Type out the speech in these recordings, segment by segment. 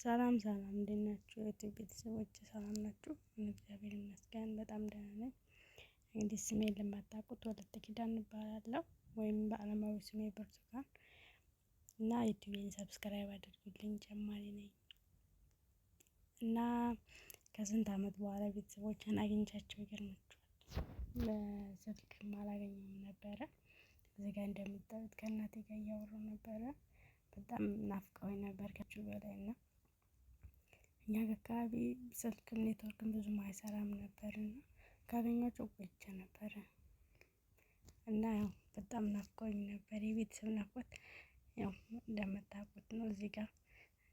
ሰላም ሰላም፣ እንዴት ናችሁ? የዩቲዩብ ቤተሰቦች ሰላም ናችሁ? እግዚአብሔር ይመስገን በጣም ደህና ነኝ። እንግዲህ ስሜን ለማታውቁት ወለተ ኪዳን እባላለሁ ወይም በአለማዊ ስሜ ብርቱካን እና ዩቲዩብን ሰብስክራይብ አድርጉልኝ፣ ጀማሪ ነኝ እና ከስንት ዓመት በኋላ ቤተሰቦችን አግኝቻቸው ይገርማችኋል። በስልክ አላገኘም ነበረ። እዚህ ጋር እንደምታዩት ከእናቴ ጋር እያወራሁ ነበረ። በጣም ናፍቀውኝ ነበር ከችው በላይ እና እኛ አካባቢ ስልክ ኔትወርክም ብዙም አይሰራም ነበር እና ካገኟቸው ቆይቼ ነበረ እና ያው በጣም ናፍቆኝ ነበር። የቤተሰብ ናፍቆት ያው እንደምታውቁት ነው። እዚህ ጋር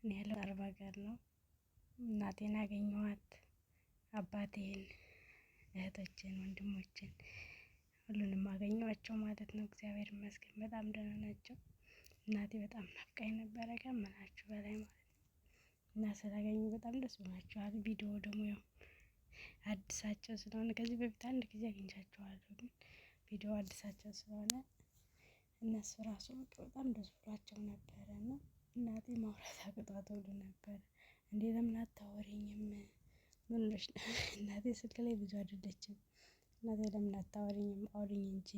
እኔ ያለው አርባ ሀገር ነው። እናቴን አገኘኋት፣ አባቴን፣ እህቶችን፣ ወንድሞችን ሁሉንም አገኘኋቸው ማለት ነው። እግዚአብሔር ይመስገን በጣም ደህና ናቸው። እናቴ በጣም ናፍቃኝ ነበረ ከምላችሁ በላይ ማለት ነው። እና ስላገኙ በጣም ደስ ብሏቸዋል። ቪዲዮ ደግሞ ያው አዲሳቸው ስለሆነ ከዚህ በፊት አንድ ጊዜ አግኝቻቸዋለሁ፣ ግን ቪዲዮ አዲሳቸው ስለሆነ እነሱ ራሱ በጣም ደስ ብሏቸው ነበረ እና እናቴ ማውራት አቅጧት ሁሉ ነበረ እንዴ ለምን አታወሪኝም? ምን እናቴ ስልክ ላይ ብዙ አይደለችም። እናቴ ለምን አታወሪኝም? አውሪኝ እንጂ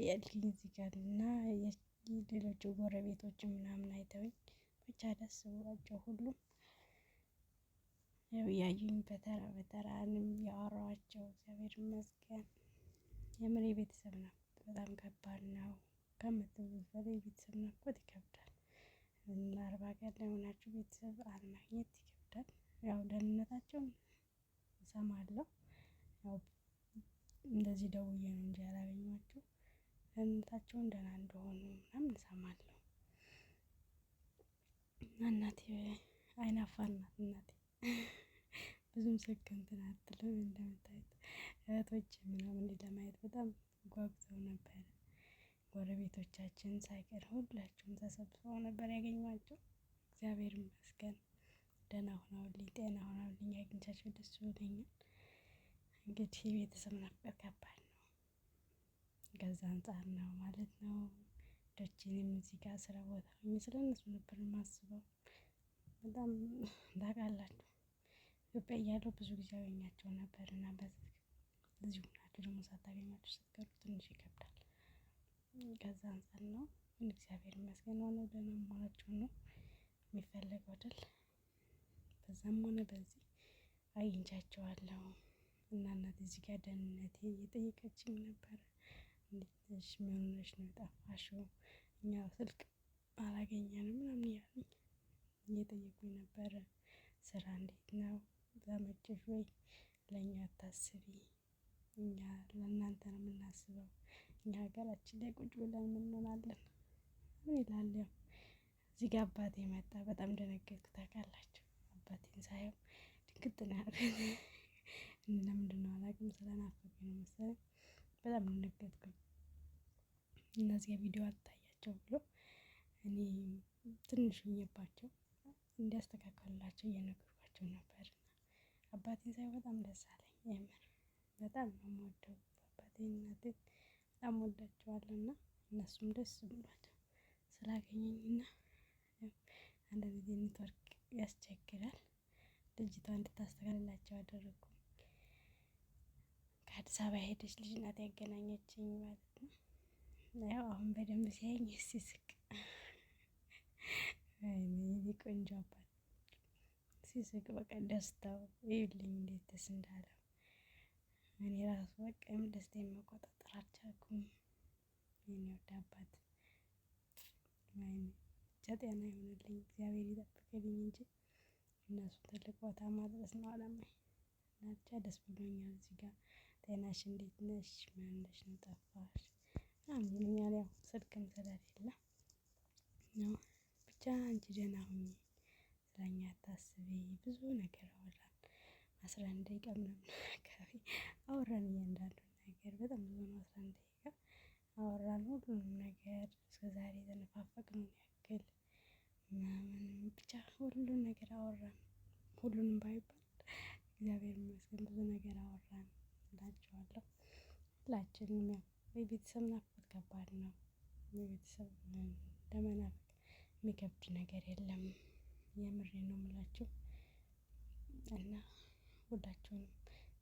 እያልኩኝ እዚህ ጋር እና ሌሎቹ ጎረቤቶች ምናምን አይተውኝ ብቻ ደስ ብሏቸው ሁሉም ያው እያዩኝ በተራ በተራ ያወራኋቸው እግዚአብሔር ይመስገን። የምሬ ቤተሰብ ናፍቆት በጣም ከባድ ነው። ከምትሉት በላይ ቤተሰብ ናፍቆት ይከብዳል። አርባ ቀን ላይ ቤተሰብ አለማግኘት ይከብዳል። ያው ደህንነታቸውን እሰማለሁ። ያው እንደዚህ ደውዬ ነው እንጂ ያላገኘኋቸው ደህንነታቸውን ደህና እንደሆኑ ምናምን እሰማለሁ። እናቴ አይን አፋር ናት። እናቴ ብዙም ስልክ እንትን አትልም። እንደምታዩት እህቶች ምናምን ለማየት በጣም ጓጉተው ነበረ። ጎረቤቶቻችን ሳይቀር ሁላችሁም ተሰብስበው ነበር ያገኘኋቸው። እግዚአብሔር ይመስገን ደህና ሆነውልኝ፣ ጤና ሆነውልኝ አግኝቻቸው ደስ ብሎኛል። እንግዲህ ቤተሰብ ናፍቆት ከባድ ነው። ከዛ አንጻር ነው ማለት ነው። ውዶች እኔም እዚህ ጋር ስራ ቦታ ሆኜ ስለ እነሱ ነበር የማስበው። በጣም ታውቃላችሁ ኢትዮጵያ እያለሁ ብዙ ጊዜ አገኛቸው ነበር እና በዚህ እዚሁ ናቸው ደግሞ ሳታገኛቸው ትንሽ ይከብዳል። ከዛ አንጻር ነው ግን እግዚአብሔር ይመስገን ሆነ ደህና መሆናቸው ነው የሚፈለገው አይደል? በዛም ሆነ በዚህ አግኝቻቸዋለሁ እና እናት እዚህ ጋር ደህንነቴን እየጠየቀችኝ ነበረ። እንዴት ነሽ? ምን ሆነሽ ነው የጠፋሽው? እኛ ስልክ አላገኘንም ምናምን እያሉኝ እየጠየቁኝ ነበረ። ስራ እንዴት ነው? ዘመድሽ ወይ? ለእኛ አታስቢ፣ እኛ ለእናንተ ነው የምናስበው። እኛ ሀገራችን ላይ ቁጭ ብለን ምንሆናለን? ምን እዚህ ጋር አባቴ መጣ። በጣም ደነገጥኩ። ታውቃላችሁ፣ አባቴን ሳየው ድንግጥ ነው ያልኩት። ለምንድን ነው አላውቅም፣ ስለናፈቀኝ ነው መሰለኝ በጣም ደነገጥኩኝ። እነዚያ ቪዲዮ አታያቸው ብሎ እኔ ትንሽ ሆኜባቸው እንዲያስተካከሉላቸው እየነገርኳቸው ነበር። አባቴ ሳይ በጣም ደስ አለኝ። የምር በጣም ነው የምወደው አባቴን በጣም ወዳቸዋለሁ እና እነሱም ደስ ብሏቸው ስላገኘኝ እና አንዳንድ ጊዜ ኔትወርክ ያስቸግራል። ልጅቷ እንድታስተካክልላቸው አደረግኩ። አዲስ አበባ ሄደች ልጅ ናት ያገናኘችኝ ማለት ነው። ያው አሁን በደንብ ሲያየኝ ሲስቅ ቆንጆ አባት ሲስቅ በቃ ደስታው ይልኝ እንዴት ደስ እንዳለ እኔ ራሱ በቃ ደስታ የመቆጣጠር አልቻልኩም። የሚወድ አባት ብቻ ጤና ይሆንልኝ እግዚአብሔር ይጠብቅልኝ እንጂ እነሱ ትልቅ ቦታ ማድረስ ነው አላማ እና ደስ ብሎኛል እዚህ ጋር ጤናሽ እንዴት ነሽ? ምን ሆነሽ ነው ጠፋሽ? ምናምን ይሉኛል። ያው ስልክም ስለሌለ ነው ብቻ አንቺ ደህና ሁኚ ስለኛ አታስቢ ብዙ ነገር አወራን። አስራ አንድ ደቂቃ ምናምን አካባቢ አወራን። እያንዳንዱን ነገር በጣም ብዙ ነው። አስራ አንድ ደቂቃ አወራን ሁሉንም ነገር እስከዛሬ የተነፋፈቅነውን ያክል ምናምን ብቻ ሁሉን ነገር አወራን። ሁሉንም ባይባል እግዚአብሔር ይመስገን ብዙ ነገር አወራን። እላቸዋለሁ። ሁላችንም ያው የቤተሰብ ናፍቆት ከባድ ነው። የቤተሰብ ለመናፈቅ የሚከብድ ነገር የለም። የምሬ ነው የምላችሁ እና ሁላችሁንም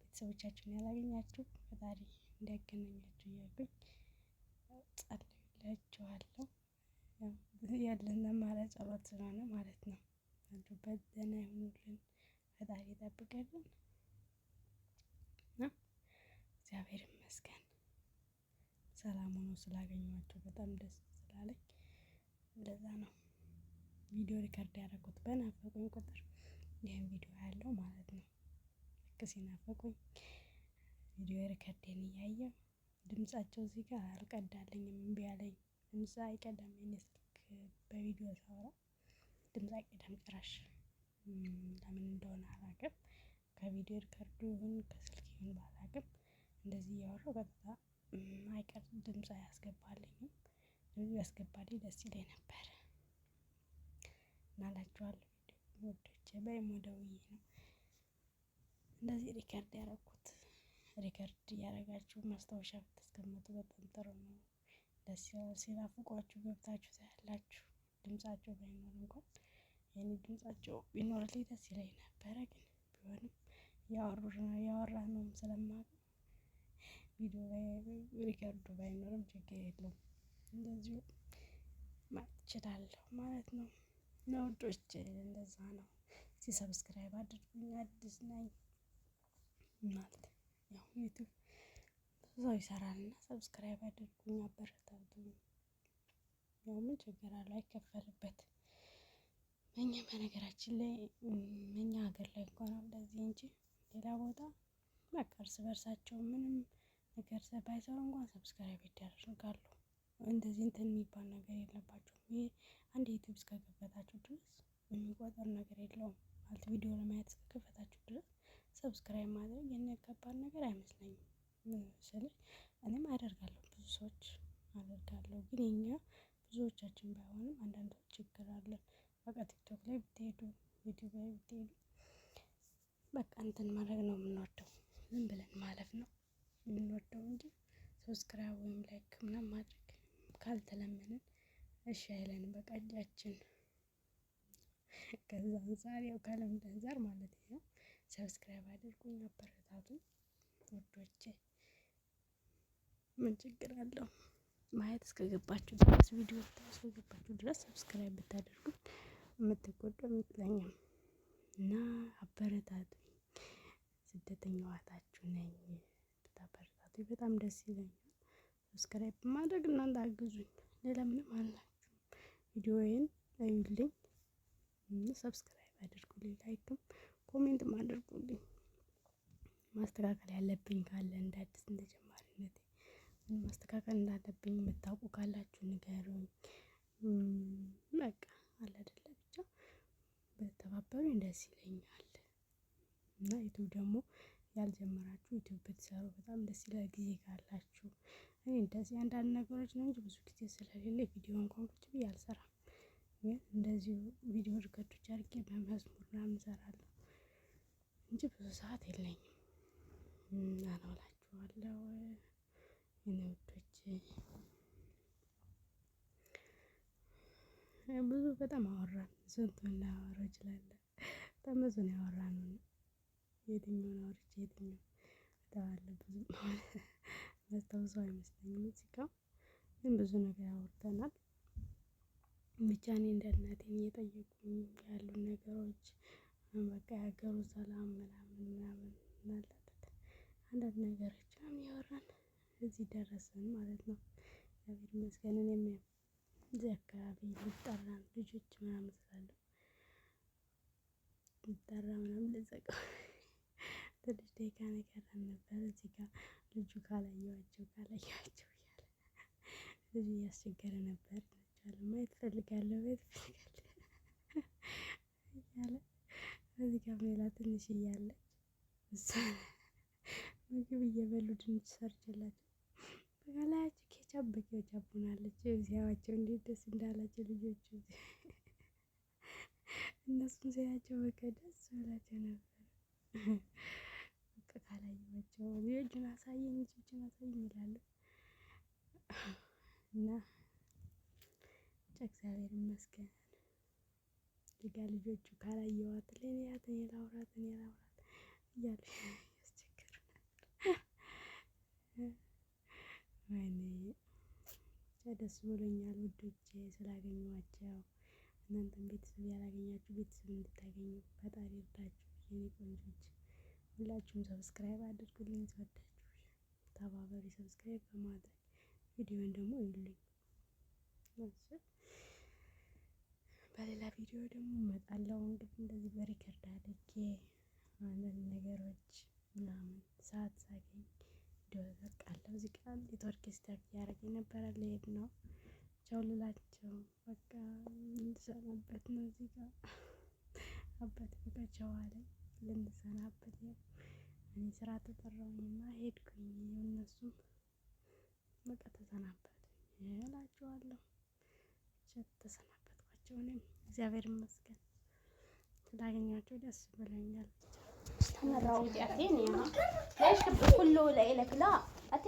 ቤተሰቦቻችሁን ያላገኛችሁ ፈጣሪ እንዲያገናኛችሁ እያልኩኝ ጸልላችኋለሁ። ያለን አማራጭ ጸሎት ስለሆነ ማለት ነው። በደህና ይሁኑልን፣ ፈጣሪ ይጠብቀልን እግዚአብሔር ይመስገን ሰላም ሆኖ ስላገኘኋቸው በጣም ደስ ስላለኝ እንደዛ ነው ቪዲዮ ሪከርድ ያደረኩት። በናፈቁኝ ቁጥር ይህን ቪዲዮ ያለው ማለት ነው። ልክ ሲናፈቁኝ ቪዲዮ ሪከርድን እያየው ድምጻቸው እዚህ ጋር አልቀዳልኝም እምቢ አለኝ። ድምፅ አይቀዳም። የኔ ስልክ በቪዲዮ ሳወራ ድምፅ አይቀዳም ጭራሽ። ለምን እንደሆነ አላቅም። ከቪዲዮ ሪከርዱ ይሁን ከስልክ ይሁን ባላቅም እንደዚህ እያወራሁ በቃ አይቀርም ድምፅ አያስገባልኝም። ድምፅ ያስገባልኝ ደስ ይለኝ ነበር እናላችኋለሁ ውዶቼ በይሞደውዬ ነው እንደዚህ ሪከርድ ያደረኩት። ሪከርድ እያደረጋችሁ ማስታወሻ ብታስቀምጡ በጣም ጥሩ ነው። ደስ ሲናፍቋችሁ ገብታችሁ ታያላችሁ። ድምጻቸው ባይኖር እንኳን የኔ ድምጻቸው ቢኖርልኝ ደስ ይለኝ ነበረ። ግን ቢሆንም ያወራ ነው ስለማውቅ ቪዲዮ ላይ ሪከርዱ ባይኖርም ችግር የለውም። እንደዚሁ ማችላለሁ ማለት ነው። ለውዶች እንደዛ ነው። እስኪ ሰብስክራይብ አድርጉኝ። አዲስ ነኝ ማለት ያው ዩቱብ ሰው ይሰራል እና ሰብስክራይብ አድርጉኝ፣ አበረታቱኝ። ያው ምን ችግር አለው? አይከፈልበት እኛ በነገራችን ላይ እኛ ሀገር ላይ እንኳን እንደዚህ እንጂ ሌላ ቦታ በቃ እርስ በርሳቸው ምንም ነገር ባይሰሩ እንኳን ሰብስክራይብ ይደረጋሉ። እንደዚህ እንትን የሚባል ነገር የለባቸውም። ይሄ አንድ ዩቲዩብ እስከከፈታችሁ ድረስ የሚቆጠር ነገር የለውም። ማለት ቪዲዮ ለማየት እስከከፈታችሁ ድረስ ሰብስክራይብ ማድረግ የሚያጋባል ነገር አይመስለኝም። ለምሳሌ እኔም አደርጋለሁ፣ ብዙ ሰዎች አደርጋለሁ። ግን የኛ ብዙዎቻችን ባይሆንም አንዳንዶች ችግር አለ። በቃ ቲክቶክ ላይ ብትሄዱ ዩቲዩብ ላይ ብትሄዱ በቃ እንትን ማድረግ ነው የምንወደው ሰብስክራይብ ወይም ላይክ ምናምን ማድረግ ካልተለመንን እሺ አይለንም በቃ እጃችን ከዛ አንጻር ያው ከልምድ አንጻር ማለት ነው። ሰብስክራይብ አድርጉኝ፣ አበረታቱኝ ውዶቼ። ምን ችግር አለው? ማየት እስከገባችሁ ድረስ ቪዲዮ እስከገባችሁ ድረስ ሰብስክራይብ ብታደርጉ የምትጎዱ አይመስለኝም እና አበረታቱኝ። ስደተኛ ዋታችሁ ነኝ ብታበረታቱኝ በጣም ደስ ይለኛል። ሰብስክራይብ በማድረግ እናንተ አግዙኝ። ሌላ ምንም አላችሁም። ቪዲዮዬን ላዩልኝ፣ ሰብስክራይብ አድርጉልኝ፣ ላይክም ኮሜንትም አድርጉልኝ። ማስተካከል ያለብኝ ካለ እንደ አዲስ እንደጀማሪነት ምን ማስተካከል እንዳለብኝ የምታውቁ ካላችሁ ንገሩኝ። በቃ አለ አይደለ ብቻ በተባበሩ ደስ ይለኛል። እና ዩቱብ ደግሞ ያልጀመራችሁ ዩቱብ ብትሰሩ በጣም ደስ ይላል ጊዜ ካላችሁ እኔ እንደዚህ አንዳንድ ነገሮች ነው እንጂ ብዙ ጊዜ ስለሌለ ቪዲዮ እንኳን ቁጭ ብዬ አልሰራም። ግን እንደዚሁ ቪዲዮ ሪከርዶች አድርጌ በመዝሙር ምናምን እሰራለሁ እንጂ ብዙ ሰዓት የለኝም። አላውላችኋለሁ እኔ ውዶች ብዙ በጣም አወራን። ስንቱን ላወራ እችላለሁ። በጣም ብዙ ነው ያወራነው። የትኛውን አውርቼ የትኛውን እተዋለሁ ብዙ የሚያስመዘው ሰው አይመስለኝም እዚህ ጋ ግን ብዙ ነገር አውርተናል። ብቻ እኔ እንደ እናቴ እየጠየቁኝ ያሉ ነገሮች በቃ የሀገሩ ሰላም ምናምን ምናምን እናላለን። አንዳንድ ነው እያወራን እዚህ ደረሰን ማለት ነው። እግዚአብሔር ይመስገን እኔም እዚህ አካባቢ ልጠራን ልጆች ምናምን ስላሉ ልጠራ ምናምን ልዘጋ ትንሽ ደቂቃ ነገር ነበር እዚህ ጋር ልጁ ካላየዋቸው ካላየዋቸው እያለ ልጁ እያስቸገረ ነበር። ናቸዋል ማየት እፈልጋለሁ ማየት እፈልጋለሁ እያለ እዚህ ጋር ሌላ ትንሽ እያለች እሷ ምግብ እየበሉ ድንች ሰርችላቸው በላያቸው ኬቻፕ በኬቻፕ ሆናለች። ሲያዩዋቸው እንዴት ደስ እንዳላቸው ልጆቹ እነሱም ሲያዩዋቸው በቃ ደስ ብሏቸው ነበር። እጅን አሳየኝ እጅን አሳየኝ ይላሉ እና ብቻ እግዚአብሔር ይመስገን። ጋ ልጆቹ ካላየኋት እኔ ላውራት እኔ ላውራት እያሉ ያስቸግሩ ወይኔ ደስ ብሎኛል ውዶቼ ስላገኘኋቸው። እናንተም ቤተሰብ ያላገኛችሁ ቤተሰብ እንድታገኙ ፈጣሪ እርዳችሁ የኔ ቆንጆች። ሁላችሁም ሰብስክራይብ አድርጉልኝ። ተወዳችሁ ተባበሪ ሰብስክራይብ በማድረግ ቪዲዮን ደግሞ ይልኝ በሌላ ቪዲዮ ደግሞ እመጣለሁ። እንግዲህ እንደዚህ በሪከርድ አድርጌ አንዳንድ ነገሮች ምናምን ሰዓት ሳገኝ ይደረቃለሁ። እዚህ ጋር ኔትወርክ ስታርት እያደረገ ነበረ ልሄድ ነው። ቻው ልላቸው በቃ የምሰራበት ነው። እዚህ ጋር አባት ቻው አለኝ። ልንሰናበት እኔ ስራ ተጠራሁኝና ሄድኩኝ። እነሱም በቃ ተሰናበቱኝ እላቸዋለሁ። ተሰናበትኳቸው። እኔም እግዚአብሔር ይመስገን ስላገኛቸው ደስ ብለኛል። ተመራው ጃቴ ነው ሁሉ ለይለክላ አቴ